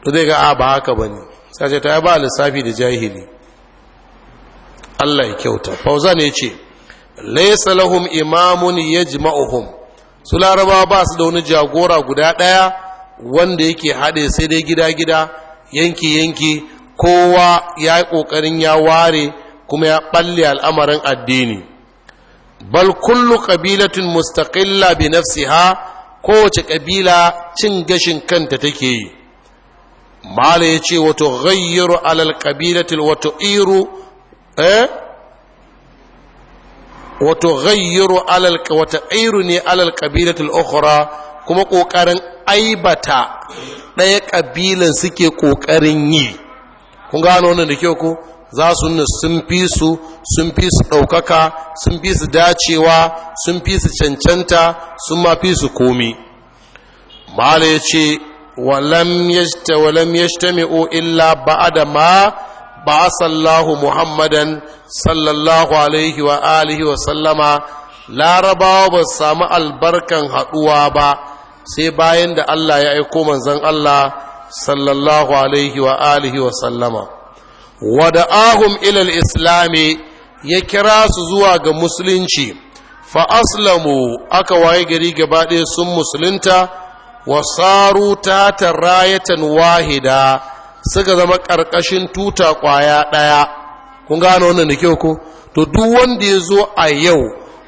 to zai ga a ba haka ba ne sai ta ba lissafi da jahili Allah ya kyauta fauzan ya ce laysa lahum imamun yajma'uhum su laraba ba su da wani jagora guda ɗaya wanda yake haɗe sai dai gida-gida yanki-yanki kowa ya yi ƙoƙarin ya ware kuma ya ɓalle al'amarin addini bal kullu ƙabilatin mustaƙilla bi nafsiha kowace ƙabila cin gashin kanta take yi mala ya ce wato ghayyaru alal ƙabilatin wato iru Eh? wato ghayyaru alal wata airu ne alal qabilatul ukhra kuma ƙoƙarin aibata ɗaya ƙabilan suke ƙoƙarin yi kun gano wannan da kyau ko za su nuna sun fi su sun fi su ɗaukaka sun fi su dacewa sun fi su cancanta sun ma fi su komi mala ya ce walam yashta walam yashtami'u illa ba'da ma ba sallahu muhammadan sallallahu alaihi wa alihi wa sallama larabawa ba samu albarkan haɗuwa ba sai bayan da Allah ya aiko manzon Allah sallallahu alaihi wa alihi wa sallama wada'ahum ilal islami ya kira su zuwa ga musulunci fa aslamu aka waye gari gaba ɗaya sun musulunta wa saru tatan rayatan wahida suka zama ƙarƙashin tuta ƙwaya ɗaya kun gano wannan da kyau ko to duk wanda ya zo a yau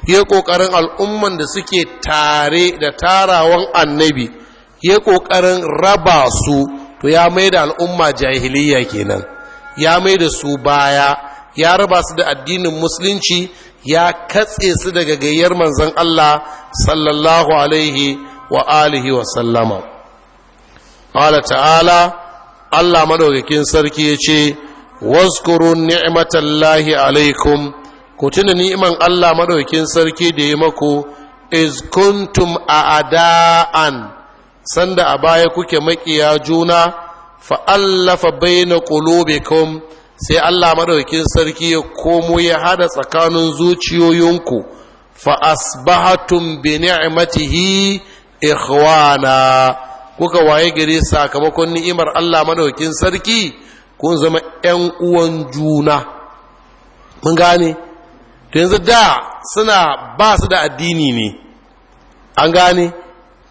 ya ƙoƙarin al'umman da suke tare da tarawan annabi ya ƙoƙarin raba su to ya mai da al'umma jahiliya kenan ya mai da su baya ya raba su da addinin musulunci ya katse su daga gayyar manzon Allah sallallahu alaihi wa alihi wa sallama. Allah ta'ala Allah madaukakin sarki ya ce waskuru ni'matallahi alaikum ku tuna ni'iman Allah madaukakin sarki da ya maku iz kuntum a'da'an sanda a baya kuke maƙiya juna fa allafa baina qulubikum sai Allah madaukakin sarki ya komo ya hada tsakanin zuciyoyinku fa asbahatum bi ni'matihi ikhwana kuka waye gare sakamakon ni'imar Allah madaukin sarki kun zama ƴan uwan juna mun gane to yanzu da suna ba su da addini ne an gane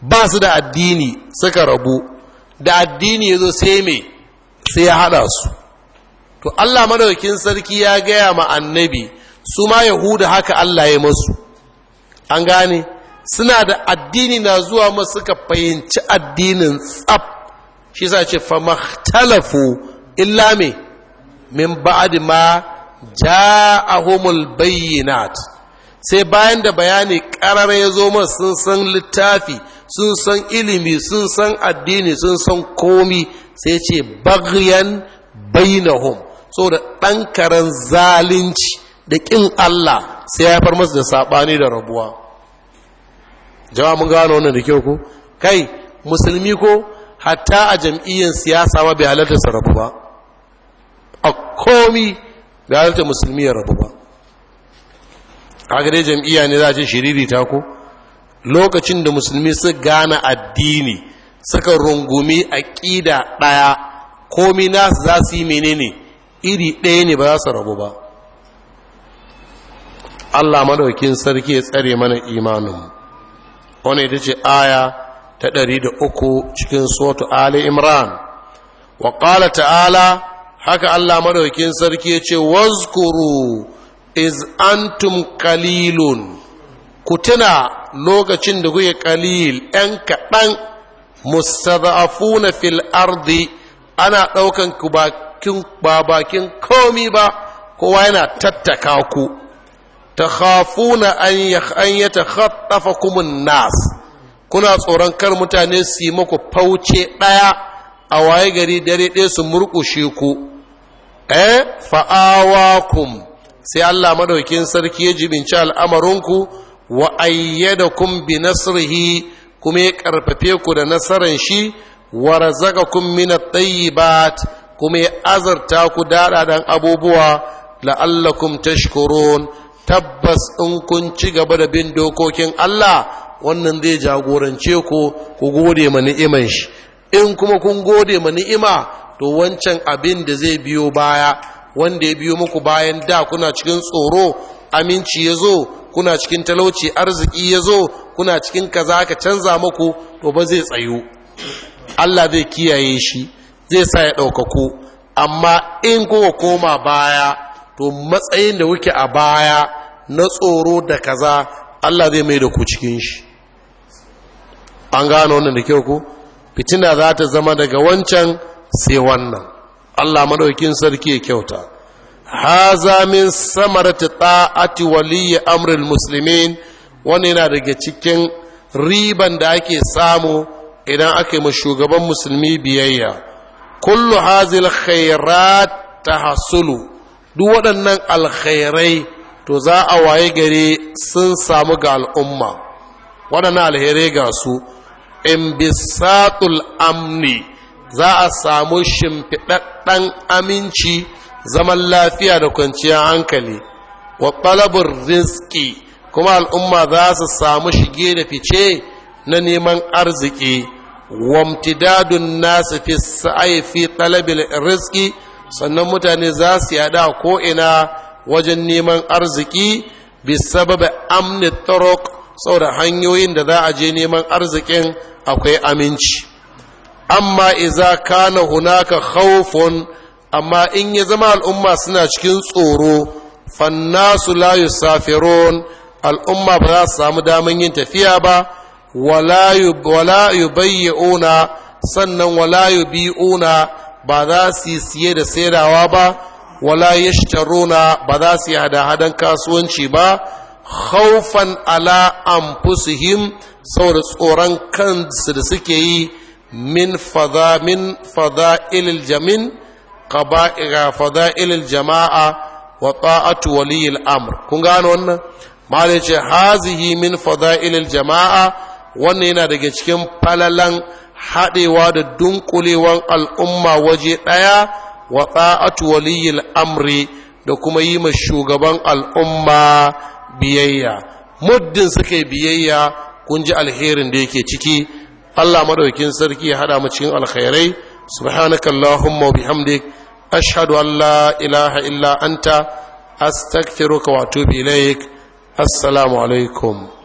ba su da addini suka rabu da addini yazo sai me sai ya hada su to Allah madaukin sarki ya gaya ma annabi su ma yahuda haka Allah ya masu an gane suna da addini na zuwa masu suka fahimci addinin tsab shi sa ce famahtalafu illa me min ba'adi ma ja'ahumul bayyinat sai bayan da bayani karar ya zo masu sun san littafi sun san ilimi sun san addini sun san komi sai ce bagyan bainahum saboda ɗan karan zalunci da ƙin Allah sai ya far masu da saɓani da rabuwa jawa mun gano wannan da kyau ko kai musulmi ko hatta a jam'iyyar siyasa ma bai halarta su rabu ba a komi bai halarta musulmi ya rabu ba a gare jam'iyya ne za a ce shiriri ta ko lokacin da musulmi su gane addini suka rungumi aƙida ɗaya komi nasu za su yi menene iri ɗaya ne ba za su rabu ba Allah madaukin sarki ya tsare mana imaninmu wani ita ce aya ta ɗari da uku cikin sotu ali imran wa ƙala ta'ala haka allah maɗaukin sarki ya ce wazkuru iz antum ƙalilun. ku tuna lokacin da kuke ƙalil ‘yan kaɗan mustada'afuna fil ardi ana ɗaukan ku ba bakin komi ba kowa yana tattaka ku takhafuna an an yatakhaffafakum an-nas kuna tsoron kar mutane su yi muku fauce daya a waye gari dare ɗaya su murkushe ku eh fa'awakum sai Allah madaukin sarki ya jibinci al'amarinku wa ayyadakum bi nasrihi kuma ya karfafe ku da nasaran shi wa razaqakum min at-tayyibat kuma ya azarta ku daɗaɗan abubuwa la'allakum tashkurun tabbas in kun ci gaba da bin dokokin Allah wannan zai jagorance ku ku gode ma ni'iman shi in kuma kun gode ma ni'ima to wancan abin da zai biyo baya wanda ya biyo muku bayan da kuna cikin tsoro aminci ya zo kuna cikin talauci arziki ya zo kuna cikin kaza ka canza muku to ba zai tsayu Allah zai kiyaye shi zai sa ya ɗaukaku amma in kowa koma baya to matsayin da wuke a baya na tsoro da kaza Allah zai mai da ku cikin shi an gano wannan da kyau ku fitina za ta zama daga wancan sai wannan Allah madaukin sarki ya kyauta haza min samarati ta'ati waliyyi amril muslimin wannan yana daga cikin riban da ake samu idan aka yi shugaban musulmi biyayya kullu hazil khairat tahsulu duk waɗannan alkhairai to za a waye gari sun samu ga al'umma waɗannan alheri ga su in bisatul amni za a samu shimfiɗaɗɗen aminci zaman lafiya da kwanciyar hankali wa ɓalabar rizki kuma al'umma za su samu shige da fice na neman arziki wamtidadun nasu fi sa'ai fi talabil rizki sannan mutane za su yada ko'ina wajen neman arziki bisababa amni tarok saboda hanyoyin da za a je neman arzikin akwai aminci amma iza kana hunaka khawfun amma in ya zama al'umma suna cikin tsoro fannasu la yusafirun al'umma ba za su samu daman yin tafiya ba wala yubayyi'una sannan wala yubi'una ba za su yi siye da sayarwa ba wala yashtaruna ba za su yi hada-hadan kasuwanci ba khawfan ala anfusihim saboda tsoron kansu da suke yi min fada min ilil jamin qaba'ira ilil jama'a wa ta'atu waliyil amr kun gano wannan malai ce hazihi min ilil jama'a wannan yana daga cikin falalan haɗewa da dunkulewan al'umma waje ɗaya wa ta'atu waliyil amri da kuma yi ma shugaban al'umma biyayya muddin suke biyayya kun ji alherin da yake ciki Allah madaukin sarki ya hada mu cikin alkhairai subhanakallahumma wa bihamdik ashhadu an la ilaha illa anta astaghfiruka wa atubu ilaik assalamu alaikum